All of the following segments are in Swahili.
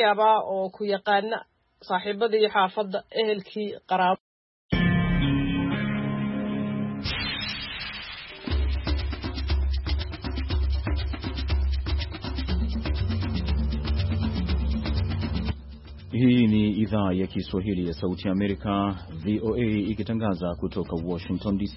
yaabaa oo ku yaqaana saaxiibada iyo xaafadda ehelkii qaraabo Hii ni idhaa ya Kiswahili ya Sauti ya Amerika, VOA, ikitangaza kutoka Washington DC.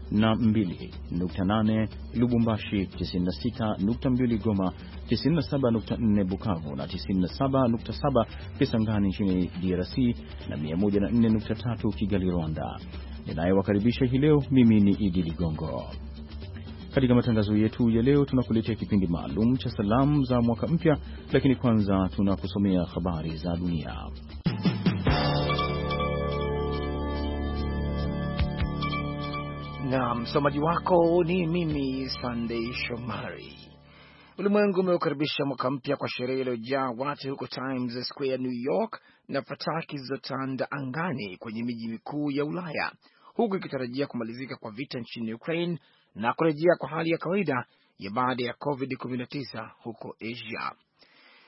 92.8 Lubumbashi, 96.2 Goma, 97.4 Bukavu na 97.7 Kisangani nchini DRC na 104.3 Kigali, Rwanda. Ninayewakaribisha hii leo mimi ni Idi Ligongo. Katika matangazo yetu ya leo tunakuletea kipindi maalum cha salamu za mwaka mpya, lakini kwanza tunakusomea habari za dunia. na msomaji wako ni mimi Sunday Shomari. Ulimwengu umeukaribisha mwaka mpya kwa sherehe iliyojaa watu huko Times Square, New York, na fataki zilizotanda angani kwenye miji mikuu ya Ulaya, huku ikitarajia kumalizika kwa vita nchini Ukraine na kurejea kwa hali ya kawaida ya baada ya COVID-19 huko Asia.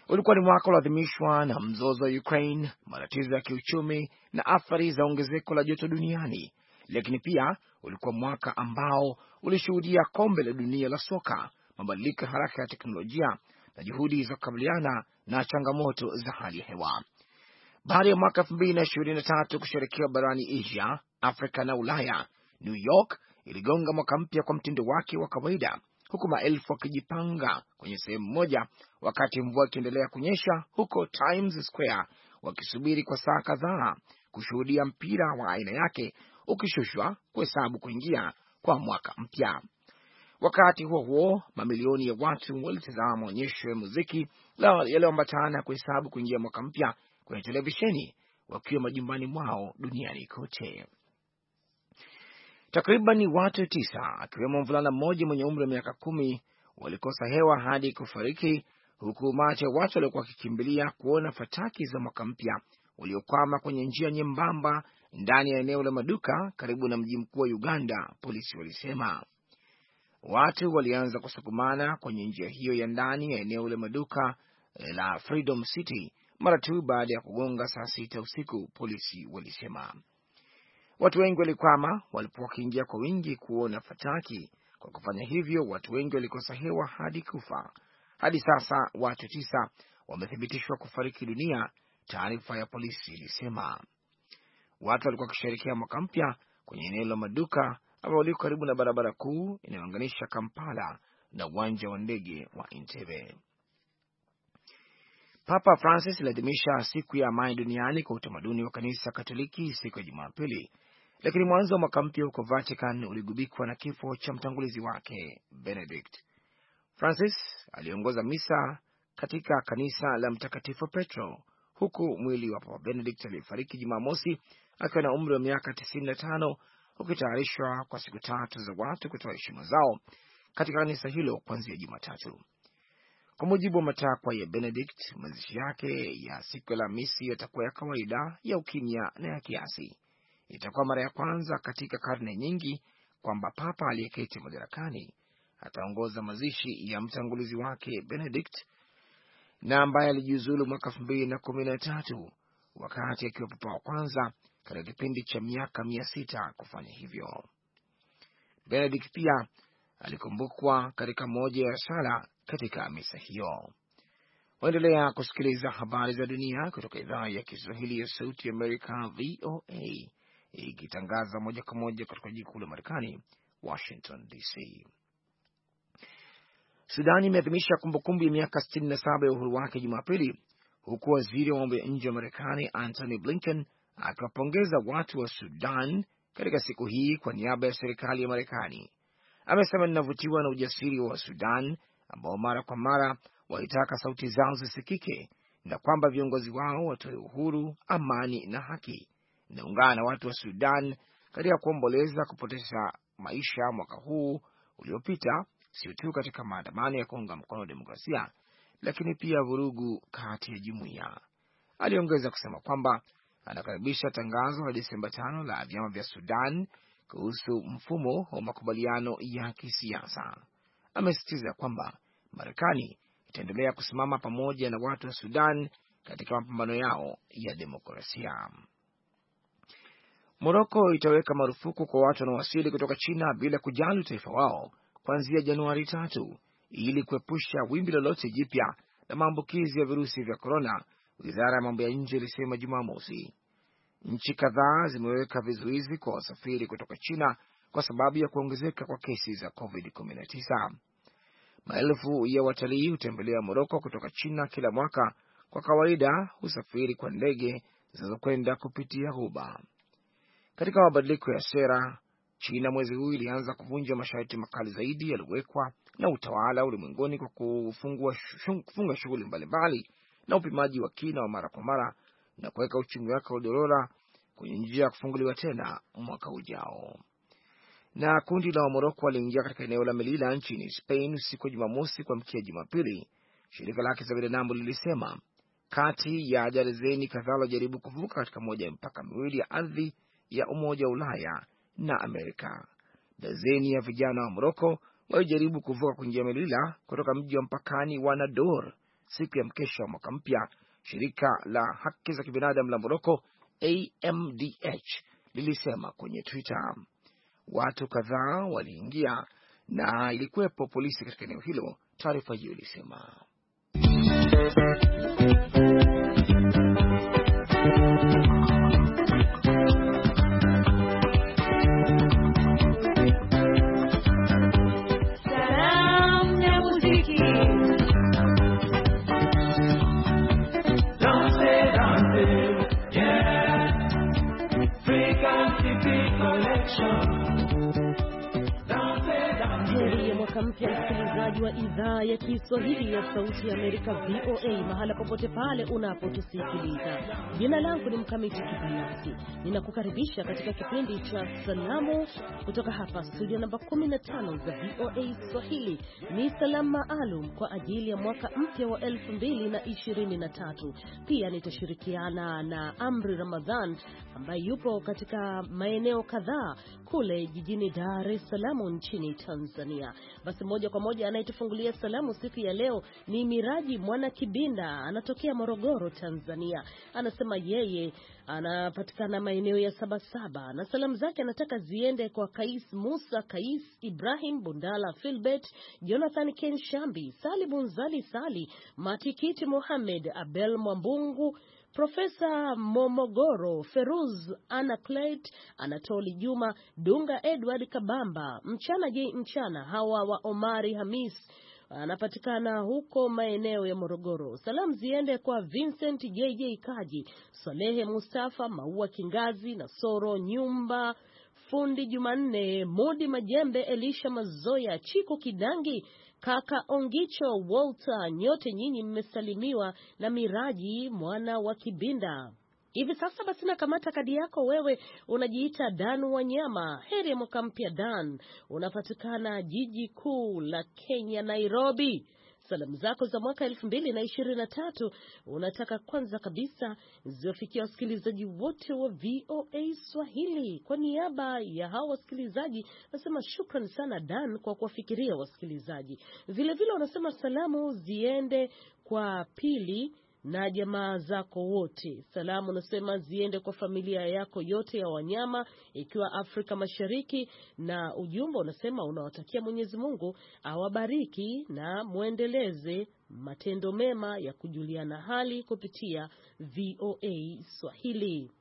Ulikuwa ni mwaka ulioadhimishwa na mzozo wa Ukraine, matatizo ya kiuchumi na athari za ongezeko la joto duniani, lakini pia ulikuwa mwaka ambao ulishuhudia kombe la dunia la soka, mabadiliko ya haraka ya teknolojia na juhudi za kukabiliana na changamoto za hali ya hewa. Baada ya mwaka elfu mbili na ishirini na tatu kusherekewa barani Asia, Afrika na Ulaya, New York iligonga mwaka mpya kwa mtindo wake wa kawaida, huku maelfu wakijipanga kwenye sehemu moja, wakati mvua ikiendelea kunyesha huko Times Square, wakisubiri kwa saa kadhaa kushuhudia mpira wa aina yake ukishushwa kuhesabu kuingia kwa mwaka mpya. Wakati huo huo, mamilioni ya watu walitazama maonyesho ya muziki yaliyoambatana kuhesabu kuingia mwaka mpya kwenye televisheni wakiwa majumbani mwao duniani kote. Takriban watu tisa akiwemo mvulana mmoja mwenye umri wa miaka kumi walikosa hewa hadi kufariki, huku umati wa watu waliokuwa wakikimbilia kuona fataki za mwaka mpya uliokwama kwenye njia nyembamba ndani ya eneo la maduka karibu na mji mkuu wa Uganda, polisi walisema. Watu walianza kusukumana kwenye njia hiyo ya ndani ya eneo la maduka eh, la Freedom City mara tu baada ya kugonga saa sita usiku, polisi walisema. Watu wengi walikwama walipokuwa wakiingia kwa wingi kuona fataki. Kwa kufanya hivyo, watu wengi walikosa hewa hadi kufa. Hadi sasa watu tisa wamethibitishwa kufariki dunia, taarifa ya polisi ilisema watu walikuwa wakisherekea mwaka mpya kwenye eneo la maduka ambayo liko karibu na barabara kuu inayounganisha Kampala na uwanja wa ndege wa Entebbe. Papa Francis aliadhimisha siku ya amani duniani kwa utamaduni wa kanisa Katoliki siku ya Jumapili, lakini mwanzo wa mwaka mpya huko Vatican uligubikwa na kifo cha mtangulizi wake Benedict. Francis aliongoza misa katika kanisa la Mtakatifu Petro huku mwili wa Papa Benedict aliyefariki Jumamosi akiwa na umri wa miaka tisini na tano ukitayarishwa kwa siku tatu za watu kutoa heshima zao katika kanisa hilo kuanzia Jumatatu. Kwa mujibu wa matakwa ya Benedict, mazishi yake ya siku Alhamisi yatakuwa ya kawaida ya ukimya na ya kiasi. Itakuwa mara ya kwanza katika karne nyingi kwamba papa aliyeketi madarakani ataongoza mazishi ya mtangulizi wake Benedict na ambaye alijiuzulu mwaka elfu mbili na kumi na tatu wakati akiwa papa wa kwanza katika kipindi cha miaka mia sita kufanya hivyo. Benedikt pia alikumbukwa katika moja ya sala katika misa hiyo. Waendelea kusikiliza habari za dunia kutoka idhaa ya Kiswahili ya Sauti Amerika, VOA, ikitangaza moja kwa moja kutoka jiji kuu la Marekani, Washington DC. Sudani imeadhimisha kumbukumbu ya miaka 67 ya uhuru wake Jumapili, huku waziri wa mambo ya nje wa Marekani Antony Blinken akiwapongeza watu wa Sudan katika siku hii kwa niaba ya serikali ya Marekani. Amesema, ninavutiwa na ujasiri wa Sudan ambao mara kwa mara walitaka sauti zao zisikike na kwamba viongozi wao watoe uhuru, amani na haki. Inaungana na watu wa Sudan katika kuomboleza kupoteza maisha mwaka huu uliopita sio tu katika maandamano ya kuunga mkono demokrasia, lakini pia vurugu kati ya jumuiya. Aliongeza kusema kwamba anakaribisha tangazo la Desemba tano la vyama vya Sudan kuhusu mfumo wa makubaliano ya kisiasa. Amesisitiza kwamba Marekani itaendelea kusimama pamoja na watu wa Sudan katika mapambano yao ya demokrasia. Moroko itaweka marufuku kwa watu wanaowasili kutoka China bila kujali utaifa wao kuanzia Januari tatu ili kuepusha wimbi lolote jipya la maambukizi ya virusi vya korona. Wizara ya mambo ya nje ilisema Jumamosi nchi kadhaa zimeweka vizuizi kwa wasafiri kutoka China kwa sababu ya kuongezeka kwa kesi za COVID-19. Maelfu ya watalii hutembelea Moroko kutoka China kila mwaka, kwa kawaida husafiri kwa ndege zinazokwenda kupitia Ghuba. Katika mabadiliko ya sera, China mwezi huu ilianza kuvunja masharti makali zaidi yaliyowekwa na utawala ulimwenguni kwa kufunga shughuli mbalimbali na upimaji wa kina wa mara kwa mara na kuweka uchumi wake wa dorora kwenye njia ya kufunguliwa tena mwaka ujao. Na kundi la Wamoroko waliingia katika eneo la Melila nchini Spain usiku wa Jumamosi kuamkia Jumapili, shirika la haki za binadamu lilisema. Kati ya darzeni kadhaa waliojaribu kuvuka katika moja ya mipaka miwili ya ardhi ya Umoja wa Ulaya na Amerika. Dazeni ya vijana wa Moroko walijaribu kuvuka kuingia Melila kutoka mji wa mpakani wa Nador siku ya mkesha wa mwaka mpya. Shirika la haki za kibinadamu la Moroko AMDH lilisema kwenye Twitter watu kadhaa waliingia na ilikuwepo polisi katika eneo hilo, taarifa hiyo ilisema. wa idhaa ya Kiswahili ya Sauti ya Amerika, VOA, mahala popote pale unapotusikiliza. Jina langu ni Mkamiti Kibayasi, ninakukaribisha katika kipindi cha Salamu kutoka hapa studio namba 15 za VOA Swahili. Ni salamu maalum kwa ajili ya mwaka mpya wa 2023. Pia nitashirikiana na Amri Ramadhan ambaye yupo katika maeneo kadhaa kule jijini Dar es Salaam nchini Tanzania. Basi moja kwa moja anayetu anayetufungulia salamu siku ya leo ni Miraji Mwana Kibinda, anatokea Morogoro, Tanzania. Anasema yeye anapatikana maeneo ya Sabasaba na salamu zake anataka ziende kwa Kais Musa, Kais Ibrahim Bundala, Filbert Jonathan, Ken Shambi, Sali Bunzali, Sali Matikiti, Mohamed Abel Mwambungu Profesa Momogoro, Feruz Anaclet, Anatoli Juma, Dunga Edward Kabamba, Mchana J Mchana, hawa wa Omari Hamis anapatikana huko maeneo ya Morogoro. Salamu ziende kwa Vincent JJ Kaji, Salehe Mustafa, Maua Kingazi na Soro Nyumba, Fundi Jumanne, Mudi Majembe, Elisha Mazoya, Chiko Kidangi Kaka Ongicho Walter, nyote nyinyi mmesalimiwa na Miraji mwana wa Kibinda. Hivi sasa basi nakamata kadi yako wewe, unajiita Dan Wanyama. Heri ya mwaka mpya Dan. Unapatikana jiji kuu la Kenya, Nairobi. Salamu zako za mwaka elfu mbili na ishirini na tatu unataka kwanza kabisa ziwafikia wasikilizaji wote wa VOA Swahili. Kwa niaba ya hawa wasikilizaji nasema shukran sana Dan kwa kuwafikiria wasikilizaji. Vilevile wanasema salamu ziende kwa Pili na jamaa zako wote. Salamu unasema ziende kwa familia yako yote ya wanyama, ikiwa Afrika Mashariki, na ujumbe unasema unawatakia Mwenyezi Mungu awabariki na mwendeleze matendo mema ya kujuliana hali kupitia VOA Swahili.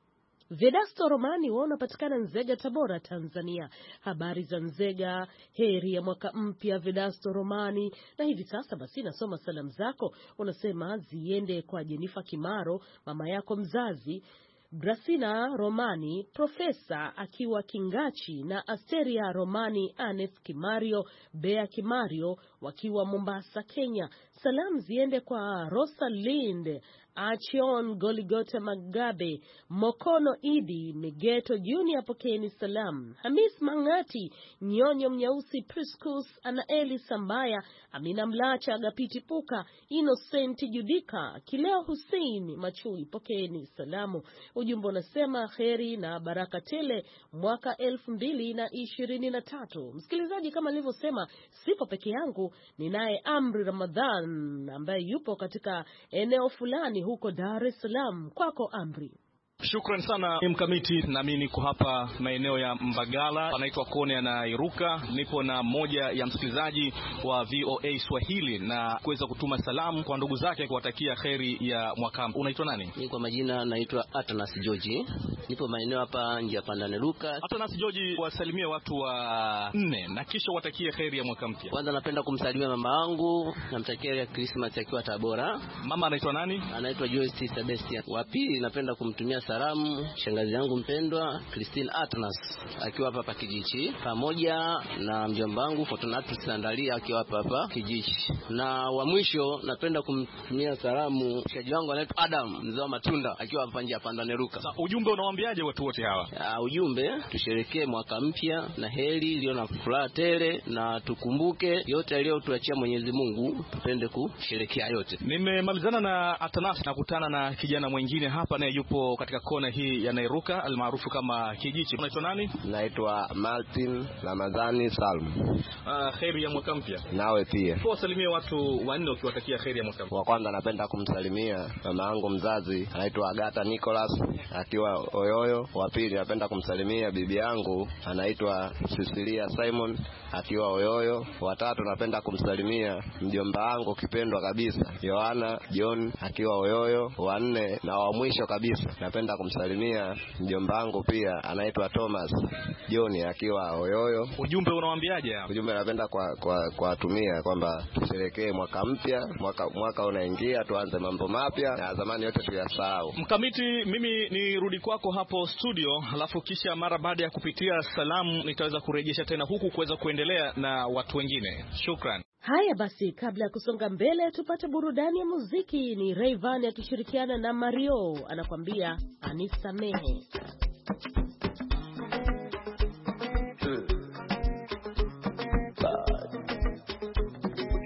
Vedasto Romani wao unapatikana Nzega, Tabora, Tanzania. Habari za Nzega, heri ya mwaka mpya Vedasto Romani. Na hivi sasa basi nasoma salamu zako, unasema ziende kwa Jenifa Kimaro, mama yako mzazi Grasina Romani, Profesa akiwa Kingachi na Asteria Romani, Anes Kimario, Bea Kimario wakiwa Mombasa, Kenya. Salamu ziende kwa Rosa Lind Achion Goligota, Magabe Mokono, Idi Migeto Junior, pokeni salam. Hamis Mangati, Nyonyo Mnyeusi, Priscus Anaeli Sambaya, Amina Mlacha, Agapiti Puka, Innocent Judika, Kileo Hussein Machui, pokeni salamu. Ujumbe unasema heri na baraka tele mwaka elfu mbili na ishirini na tatu. Msikilizaji, kama alivyosema sipo peke yangu, ninaye Amri Ramadhan ambaye yupo katika eneo fulani huko Dar es Salaam. Kwako Amri. Shukran sana mkamiti, nami niko hapa maeneo ya Mbagala, anaitwa Kone Anairuka. Nipo na moja ya msikilizaji wa VOA Swahili na kuweza kutuma salamu kwa ndugu zake kuwatakia kheri ya mwaka. Unaitwa nani? Mimi kwa majina naitwa Atanas George, nipo maeneo hapa njia Pandane Luka. Atanas George, wasalimie watu wa nne na kisha watakie kheri ya mwaka mpya. Kwanza napenda kumsalimia mama wangu, namtakia ya Christmas akiwa Tabora. Mama anaitwa nani? Anaitwa Joyce Sebastian. Wa pili napenda kumtumia salamu shangazi yangu mpendwa Christine Atnas akiwa hapa hapa kijiji, pamoja na mjomba wangu Fortunatus Sandalia akiwa hapa hapa kijiji. Na wa mwisho napenda kumtumia salamu mshaji wangu anaitwa Adam mzao matunda akiwa hapa nje hapa neruka. Sasa ujumbe unawaambiaje watu wote hawa? Ya, ah, ujumbe tusherekee mwaka mpya na heri iliyo na furaha tele, na tukumbuke yote aliyotuachia Mwenyezi Mungu, tupende kusherekea yote. Nimemalizana na Atnas, nakutana na kijana mwingine hapa naye yupo katika katika kona hii ya Nairuka almaarufu kama Kijichi. Unaitwa nani? Naitwa Martin Ramadhani Salm. Uh, ah, heri ya mwaka mpya. Nawe pia. Kwa wasalimie watu wanne ukiwatakia heri ya mwaka mpya. Wa kwanza napenda kumsalimia mama yangu mzazi anaitwa Agata Nicholas akiwa Oyoyo. Wa pili napenda kumsalimia bibi yangu anaitwa Cecilia Simon akiwa Oyoyo. Wa tatu napenda kumsalimia mjomba wangu kipendwa kabisa Yohana John akiwa Oyoyo. Wa nne na wa mwisho kabisa napenda Ningependa kumsalimia mjomba wangu pia anaitwa Thomas John akiwa Oyoyo. Ujumbe unawaambiaje? Ujumbe napenda kwa kwa, kwa kwamba tusherekee mwaka mpya, mwaka, mwaka unaingia, tuanze mambo mapya na zamani yote tuyasahau. Mkamiti, mimi nirudi kwako hapo studio, alafu kisha mara baada ya kupitia salamu nitaweza kurejesha tena huku kuweza kuendelea na watu wengine. Shukran. Haya basi, kabla ya kusonga mbele, tupate burudani ya muziki. Ni Rayvan akishirikiana na Mario anakuambia anisamehe.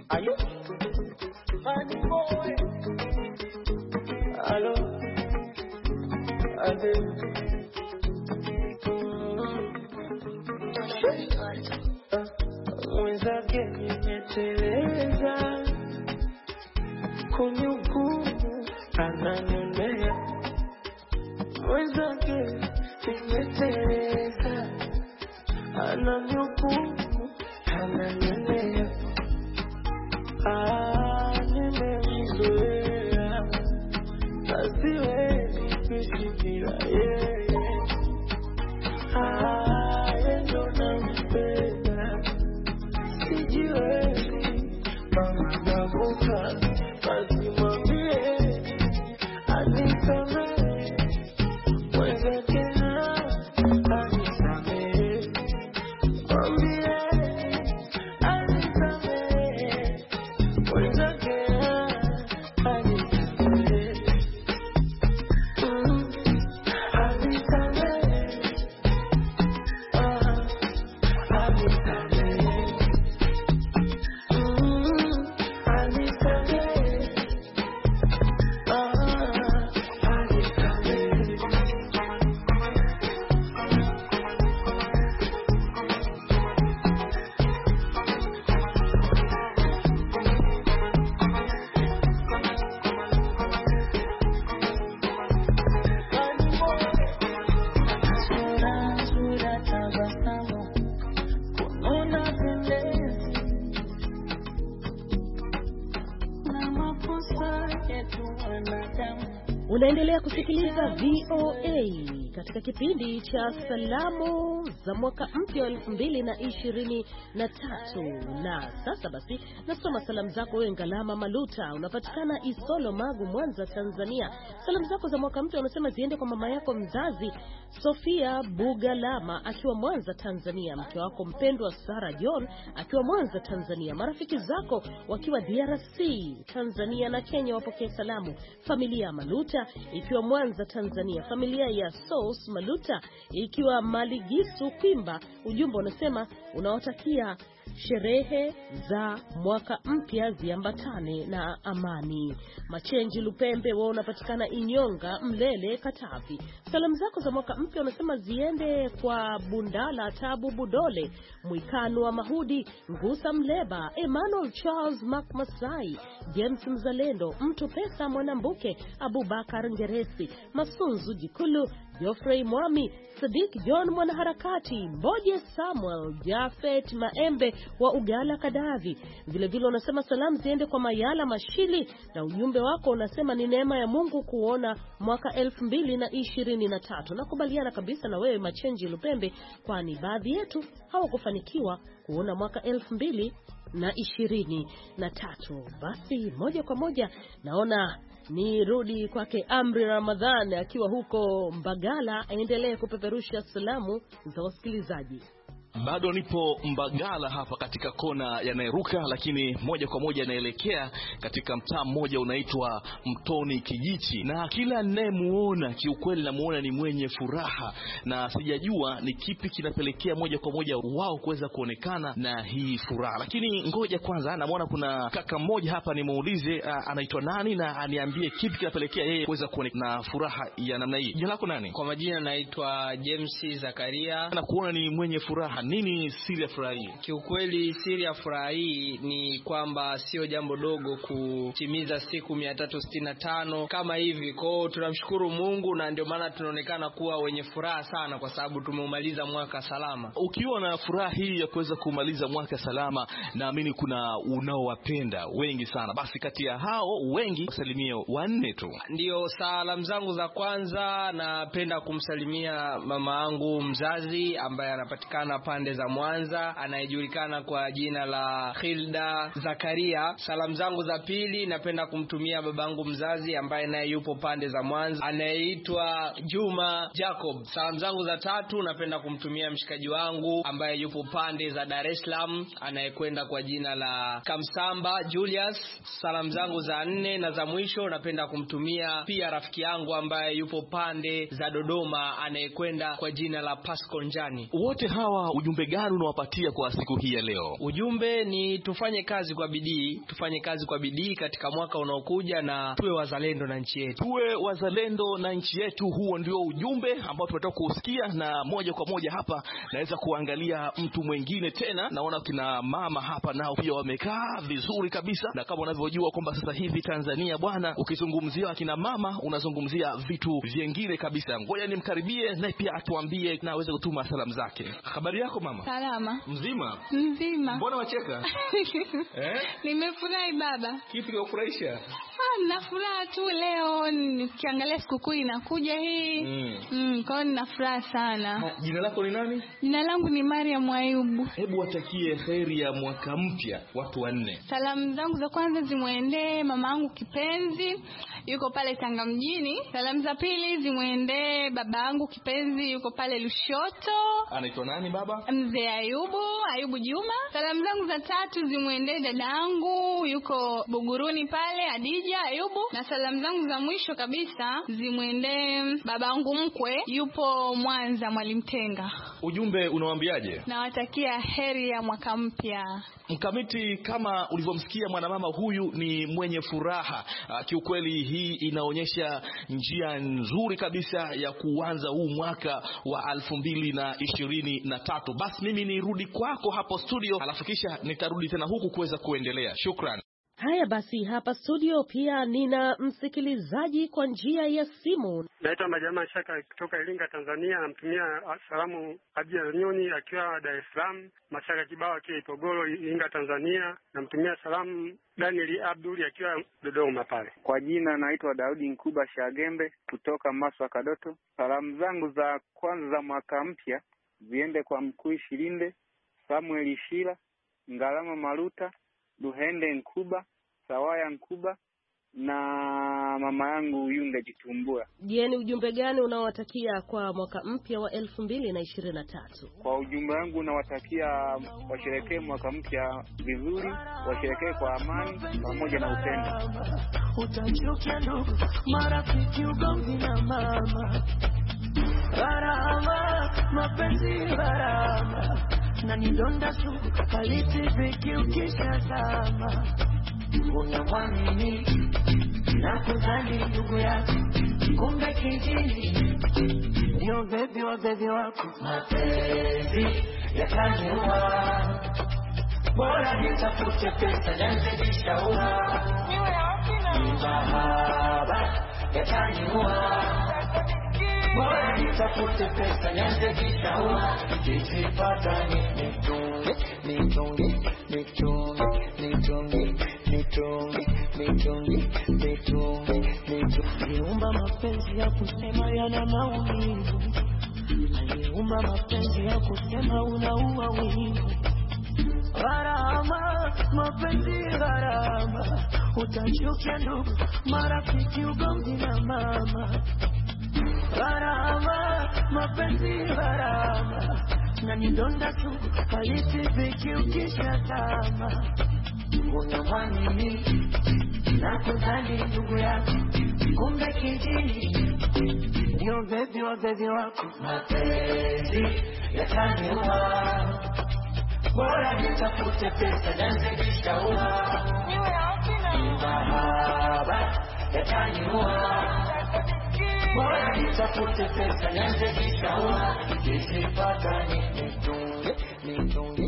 Ah, mwenzake anateleza kunihukumu, ananionea wenzake, nimeteleza, ananihukumu, ananionea ah, nimemzoea, nasiwezi kuishi bila yeye VOA katika kipindi cha salamu za mwaka mpya wa elfu mbili na ishirini na tatu. Na sasa basi nasoma salamu zako wewe, Ngalama Maluta, unapatikana Isolo, Magu, Mwanza, Tanzania. Salamu zako za mwaka mpya unasema ziende kwa mama yako mzazi Sofia Bugalama akiwa Mwanza, Tanzania, mke wako mpendwa Sara John akiwa Mwanza, Tanzania, marafiki zako wakiwa DRC, Tanzania na Kenya wapokee salamu, familia ya Maluta ikiwa Mwanza, Tanzania, familia ya Sous Maluta ikiwa Maligisu Simba ujumbe unasema unawatakia sherehe za mwaka mpya ziambatane na amani. Machenji Lupembe, wao unapatikana Inyonga, Mlele, Katavi. Salamu zako za mwaka mpya unasema ziende kwa Bundala Tabu Budole, Mwikanu wa Mahudi, Ngusa Mleba, Emmanuel Charles Mak Masai, James Mzalendo, Mtu Pesa Mwanambuke, Abubakar Ngeresi, Masunzu Jikulu Geoffrey Mwami, Sadik John mwanaharakati, Mboje Samuel, Jafet Maembe wa Ugala Kadavi. Vilevile unasema salamu ziende kwa Mayala Mashili na ujumbe wako unasema ni neema ya Mungu kuona mwaka elfu mbili na ishirini na tatu. Nakubaliana kabisa na wewe Machenji Lupembe, kwani baadhi yetu hawakufanikiwa kuona mwaka elfu mbili na ishirini na tatu. Basi moja kwa moja naona ni rudi kwake Amri Ramadhan akiwa huko Mbagala, aendelee kupeperusha salamu za wasikilizaji. Bado nipo Mbagala hapa katika kona ya Nairuka, lakini moja kwa moja naelekea katika mtaa mmoja unaitwa Mtoni Kijichi, na kila ninayemuona kiukweli namuona ni mwenye furaha, na sijajua ni kipi kinapelekea moja kwa moja wao kuweza kuonekana na hii furaha. Lakini ngoja kwanza, namwona kuna kaka mmoja hapa, nimuulize anaitwa nani na aniambie kipi kinapelekea yeye kuweza kuonekana na furaha ya namna hii. Jina lako nani? Kwa majina naitwa James Zakaria. Na kuona ni mwenye furaha nini siri ya furaha hii? Kiukweli, siri ya furaha hii ni kwamba sio jambo dogo kutimiza siku mia tatu sitini na tano kama hivi kwao. Tunamshukuru Mungu na ndio maana tunaonekana kuwa wenye furaha sana, kwa sababu tumeumaliza mwaka salama. Ukiwa na furaha hii ya kuweza kumaliza mwaka salama, naamini kuna unaowapenda wengi sana, basi kati ya hao wengi salimia wanne tu. ndio salamu zangu za kwanza, napenda kumsalimia mama yangu mzazi ambaye anapatikana pa pande za Mwanza anayejulikana kwa jina la Hilda Zakaria. Salamu zangu za pili napenda kumtumia babangu mzazi ambaye naye yupo pande za Mwanza anayeitwa Juma Jacob. Salamu zangu za tatu napenda kumtumia mshikaji wangu ambaye yupo pande za Dar es Salaam anayekwenda kwa jina la Kamsamba Julius. Salamu zangu za nne na za mwisho napenda kumtumia pia rafiki yangu ambaye yupo pande za Dodoma anayekwenda kwa jina la Pascal Njani. Wote hawa ujumbe gani unawapatia kwa siku hii ya leo? Ujumbe ni tufanye kazi kwa bidii, tufanye kazi kwa bidii katika mwaka unaokuja, na tuwe wazalendo na nchi yetu, tuwe wazalendo na nchi yetu. Huo ndio ujumbe ambao tumetoka kuusikia, na moja kwa moja hapa naweza kuangalia mtu mwingine tena. Naona kina mama hapa nao pia wamekaa vizuri kabisa, na kama unavyojua kwamba sasa hivi Tanzania bwana, ukizungumzia akina mama unazungumzia vitu vyengine kabisa. Ngoja nimkaribie naye pia atuambie na aweze kutuma salamu zake. habari yako mama? Salama. Mzima? Mzima. Mbona wacheka? eh? Nimefurahi baba. Kipi kinakufurahisha? Ah, na furaha tu leo nikiangalia sikukuu inakuja hii. Mm. Mm, kwa hiyo nina furaha sana. Ha, ah, jina lako ni nani? Jina langu ni maria Ayubu. Hebu watakie heri ya mwaka mpya watu wanne. Salamu zangu za kwanza zimwendee mama yangu kipenzi yuko pale Tanga mjini. Salamu za pili zimwendee baba yangu kipenzi, yuko pale Lushoto. Anaitwa nani baba? Mzee Ayubu, Ayubu Juma. Salamu zangu za tatu zimwendee dada yangu yuko Buguruni pale, Adija Ayubu, na salamu zangu za mwisho kabisa zimwendee baba yangu mkwe, yupo Mwanza, Mwalimu Tenga. Ujumbe unawaambiaje? Nawatakia heri ya mwaka mpya. Mkamiti, kama ulivyomsikia mwanamama huyu ni mwenye furaha ah, kiukweli hii inaonyesha njia nzuri kabisa ya kuanza huu mwaka wa elfu mbili na ishirini na tatu. Basi mimi nirudi kwako hapo studio, alafu kisha nitarudi tena huku kuweza kuendelea. Shukran. Haya basi, hapa studio pia nina msikilizaji kwa njia ya simu. Naitwa majama Shaka kutoka Iringa, Tanzania. Namtumia salamu Abia Nyoni akiwa Dar es Salaam, Mashaka Kibao akiwa Ipogoro, Iringa, Tanzania. Namtumia salamu Danieli Abduli akiwa Dodoma pale. Kwa jina naitwa Daudi Nkuba Shagembe kutoka Maswa Kadoto. Salamu zangu za kwanza za mwaka mpya ziende kwa Mkuu Shilinde, Samuel Shila, Ngalama Maruta Luhende Nkuba, Sawaya Nkuba na mama yangu Yunga Jitumbua. Je, ni ujumbe gani unaowatakia kwa mwaka mpya wa elfu mbili na ishirini na tatu? Kwa ujumbe wangu unawatakia washerekee mwaka mpya vizuri, washerekee kwa amani pamoja na upendo. Utachukia ndugu, marafiki, ugomvi na mama, barama, mapenzi, barama na nidonda sugu kaliti viki ukishazama unamwamini na kudhani ndugu yako kumbe kijini ndio bebi wa bebi wako mapenzi yakaniua bora nitafute pesa nianze mahaba yakaniua Tafute pesa nianze kitaua, nikizipata nitunge, nitunge, nitunge, nitunge, nitunge, nitunge, nitunge, nitunge. Aliumba mapenzi ya kusema yana maumivu, aliumba mapenzi ya kusema unaua wivu. Gharama, mapenzi gharama, utachukia ndugu, marafiki, ugomvi na mama gharama, mapenzi gharama, na ni donda tu haitibiki ukishatama. Unatamani mimi na kudhani ndugu yako, kumbe kijini ndio bebi wa wako. Mapenzi yataniua, bora nitafute pesa nazidisha ua, mahaba yataniua Молодится, пусть ты садишься, и сама, если пока не, не думай, не думай.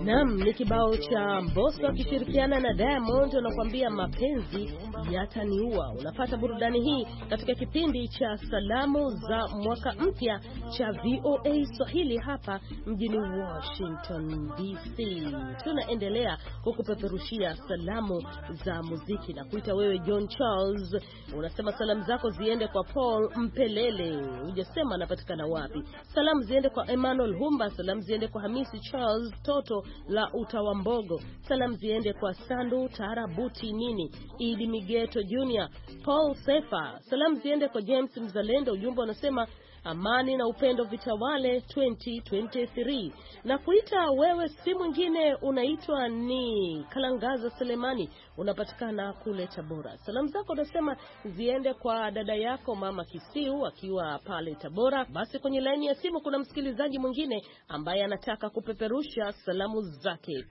Naam, ni kibao cha Mbosso akishirikiana na Diamond anakuambia mapenzi yataniua. Unapata burudani hii katika kipindi cha salamu za mwaka mpya cha VOA Swahili hapa mjini Washington DC. Tunaendelea kukupeperushia salamu za muziki na kuita wewe John Charles, unasema salamu zako ziende kwa Paul Mpelele, hujasema anapatikana wapi. Salamu ziende kwa Emmanuel Humba, salamu ziende kwa Hamisi Charles Toto la Utawambogo. Salamu ziende kwa Sandu Tarabuti Nini, Idi Migeto Junior, Paul Sefa. Salamu ziende kwa James Mzalendo, ujumbe unasema amani na upendo vitawale 2023 na kuita wewe, si mwingine unaitwa ni Kalangaza Selemani, unapatikana kule Tabora. Salamu zako unasema ziende kwa dada yako mama Kisiu akiwa pale Tabora. Basi kwenye laini ya simu kuna msikilizaji mwingine ambaye anataka kupeperusha salamu zake.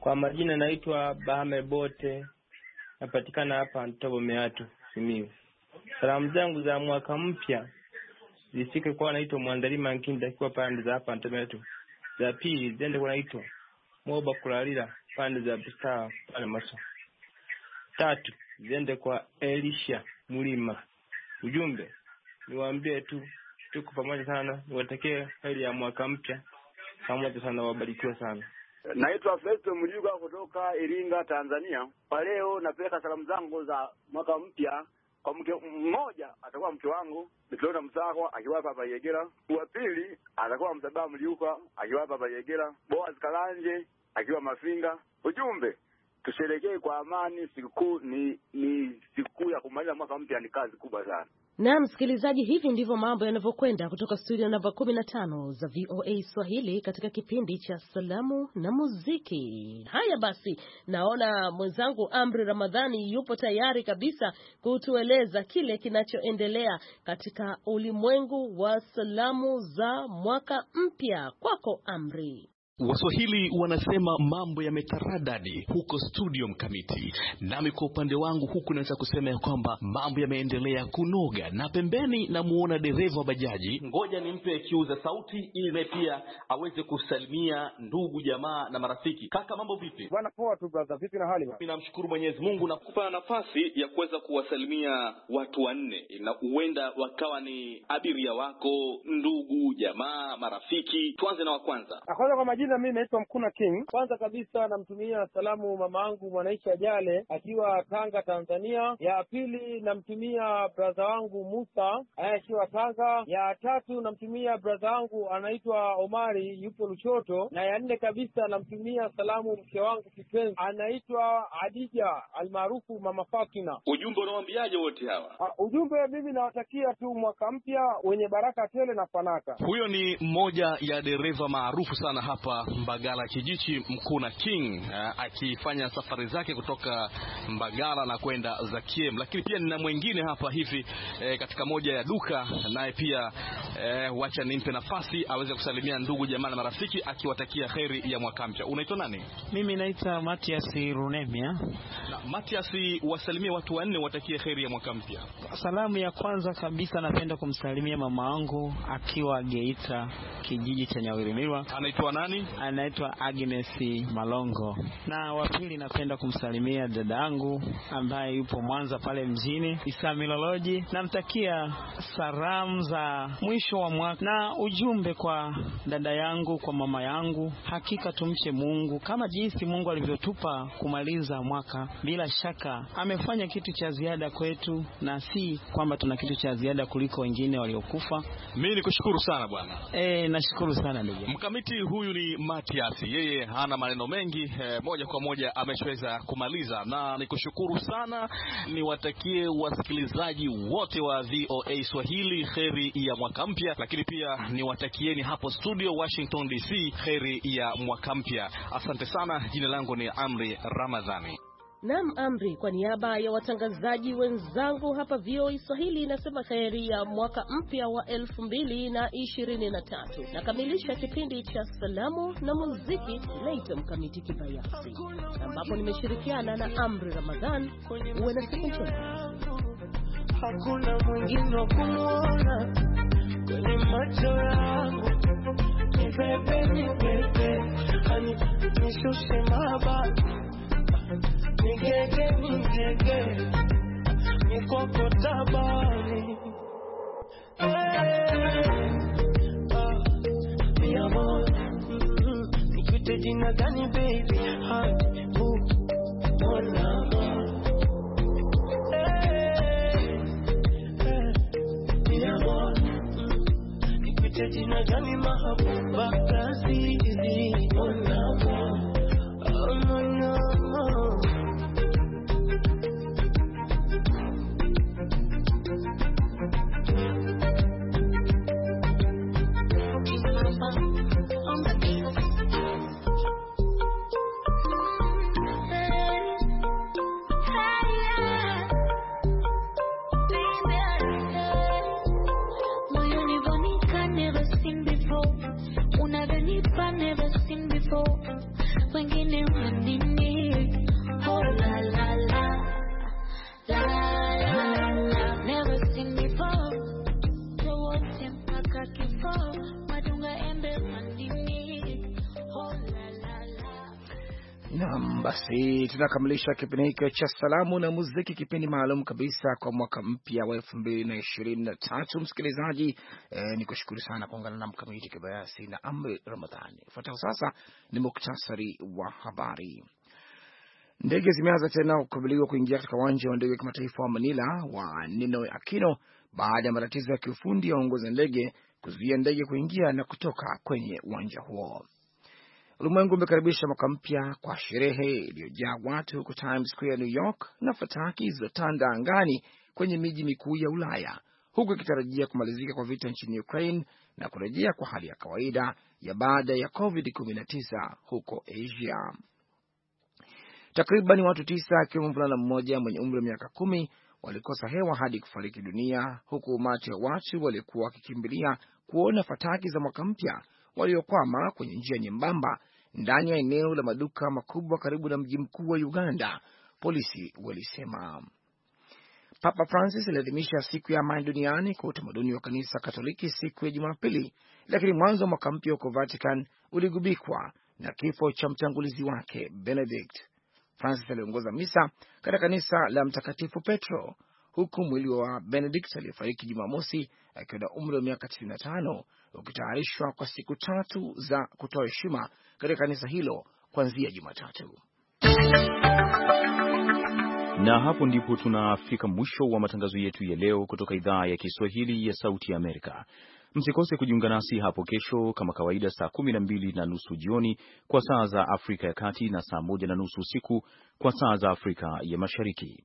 Kwa majina naitwa Bahame Bote, napatikana hapa Ntobo Meatu Simiu. Salamu zangu za mwaka mpya zifike kwa wanaitwa Mwandalima Nkinda akiwa pande za hapa Ntemetu, za pili ziende kwa wanaitwa Moba Kulalila pande za Bustawa pale Maso, tatu ziende kwa Elisha Mlima. Ujumbe niwaambie tu tuko pamoja sana, niwatekee heri ya mwaka mpya pamoja sana, wabarikiwa sana. Naitwa Festo Mjuga kutoka Iringa, Tanzania. Kwa leo napeleka salamu zangu za mwaka mpya kwa mke mmoja atakuwa mke wangu Bitlona Msakwa akiwa Papa Yegera, wa pili atakuwa Msabaa Mliuka akiwa Papa Yegera, Boaz Kalanje akiwa Mafinga. Ujumbe, tusherekee kwa amani, sikukuu ni ni sikukuu kumaliza mwaka mpya ni kazi kubwa sana. Na msikilizaji, hivi ndivyo mambo yanavyokwenda kutoka studio namba 15 za VOA Swahili katika kipindi cha salamu na muziki. Haya basi, naona mwenzangu Amri Ramadhani yupo tayari kabisa kutueleza kile kinachoendelea katika ulimwengu wa salamu za mwaka mpya. Kwako Amri. Waswahili wanasema mambo yametaradadi huko studio Mkamiti, nami kwa upande wangu huku naweza kusema ya kwamba mambo yameendelea kunoga, na pembeni namuona dereva wa bajaji. Ngoja nimpe kiuza sauti ili naye pia aweze kusalimia ndugu jamaa na marafiki. Kaka, mambo vipi bwana? Poa tu brother, vipi na hali? namshukuru Mwenyezi Mungu na kupa nafasi ya kuweza kuwasalimia watu wanne, na huenda wakawa ni abiria wako, ndugu jamaa, marafiki. Tuanze na wa kwanza. Majina mimi naitwa Mkuna King. Kwanza kabisa namtumia salamu mama angu Mwanaisha Ajale akiwa Tanga, Tanzania. Ya pili namtumia bradha wangu Musa eh, akiwa Tanga. Ya tatu namtumia bradha wangu anaitwa Omari yupo Luchoto, na ya nne kabisa namtumia salamu mke wangu kipenzi anaitwa Adija almaarufu mama Fatina. Ujumbe unawaambiaje wote hawa? Ha, ah, ujumbe mimi nawatakia tu mwaka mpya wenye baraka tele na fanaka. Huyo ni mmoja ya dereva maarufu sana hapa wa Mbagala Kijichi na King uh, akifanya safari zake kutoka Mbagala na kwenda Zakiem, lakini pia nina mwingine hapa hivi eh, katika moja ya duka naye pia eh, wacha nimpe nafasi aweze kusalimia ndugu jamaa na marafiki akiwatakia heri ya mwaka mpya. Unaitwa nani? Mimi naita Matias Runemia. Na Matias, wasalimie watu wanne watakie heri ya mwaka mpya. Salamu ya kwanza kabisa napenda kumsalimia mama wangu akiwa Geita kijiji cha Nyawirimirwa. Anaitwa nani? anaitwa Agnes Malongo, na wa pili napenda kumsalimia dada yangu ambaye yupo Mwanza pale mjini isamiloloji Namtakia salamu za mwisho wa mwaka na ujumbe kwa dada yangu, kwa mama yangu, hakika tumche Mungu kama jinsi Mungu alivyotupa kumaliza mwaka. Bila shaka amefanya kitu cha ziada kwetu, na si kwamba tuna kitu cha ziada kuliko wengine waliokufa. Mimi nikushukuru sana bwana. Eh, nashukuru sana ndugu mkamiti. Huyu ni Matias, yeye hana maneno mengi e, moja kwa moja ameshaweza kumaliza, na nikushukuru sana, niwatakie wasikilizaji wote wa VOA Swahili heri ya mwaka mpya, lakini pia niwatakieni hapo studio Washington DC heri ya mwaka mpya. Asante sana, jina langu ni Amri Ramadhani. Nam Amri, kwa niaba ya watangazaji wenzangu hapa VOA Swahili inasema heri ya mwaka mpya wa elfu mbili na ishirini na tatu. Nakamilisha kipindi cha salamu na muziki. Naitwa Mkamiti Kibayasi, ambapo nimeshirikiana na Amri Ramadhan. Uwe na siku njema. Hakuna mwingine wa kumwona kwenye macho yangu, nigege mgege nikoko tabani mi amor nikute jina gani baby heart book mwana Jina gani mahabu kazi hizi mwanamwana tunakamilisha kipindi hiki cha salamu na muziki, kipindi maalum kabisa kwa mwaka mpya wa elfu mbili na ishirini na tatu. Msikilizaji e, ni kushukuru sana kuungana na Mkamiti Kibayasi na Amri Ramadhani. Ufuatao sasa ni muktasari wa habari. Ndege zimeanza tena kukabiliwa kuingia katika uwanja wa ndege wa kimataifa wa Manila wa Ninoy Aquino baada ya matatizo ya kiufundi ya uongozi ndege kuzuia ndege kuingia na kutoka kwenye uwanja huo. Ulimwengu umekaribisha mwaka mpya kwa sherehe iliyojaa watu huko Times Square New York na fataki zilizotanda angani kwenye miji mikuu ya Ulaya, huku ikitarajia kumalizika kwa vita nchini Ukraine na kurejea kwa hali ya kawaida ya baada ya COVID-19 huko Asia. Takriban watu tisa akiwemo mvulana mmoja mwenye umri wa miaka kumi walikosa hewa hadi kufariki dunia, huku umati wa watu waliokuwa wakikimbilia kuona fataki za mwaka mpya waliokwama kwenye njia nyembamba ndani ya eneo la maduka makubwa karibu na mji mkuu wa Uganda, polisi walisema. Papa Francis aliadhimisha siku ya amani duniani kwa utamaduni wa kanisa Katoliki siku ya Jumapili, lakini mwanzo wa mwaka mpya huko Vatican uligubikwa na kifo cha mtangulizi wake Benedict. Francis aliongoza misa katika kanisa la Mtakatifu Petro, huku mwili wa Benedict aliyefariki Jumamosi akiwa na umri wa miaka 95 ukitayarishwa kwa siku tatu za kutoa heshima katika kanisa hilo kuanzia Jumatatu. Na hapo ndipo tunafika mwisho wa matangazo yetu ya leo kutoka idhaa ya Kiswahili ya Sauti ya Amerika. Msikose kujiunga nasi hapo kesho kama kawaida, saa kumi na mbili na nusu jioni kwa saa za Afrika ya Kati na saa moja na nusu usiku kwa saa za Afrika ya Mashariki.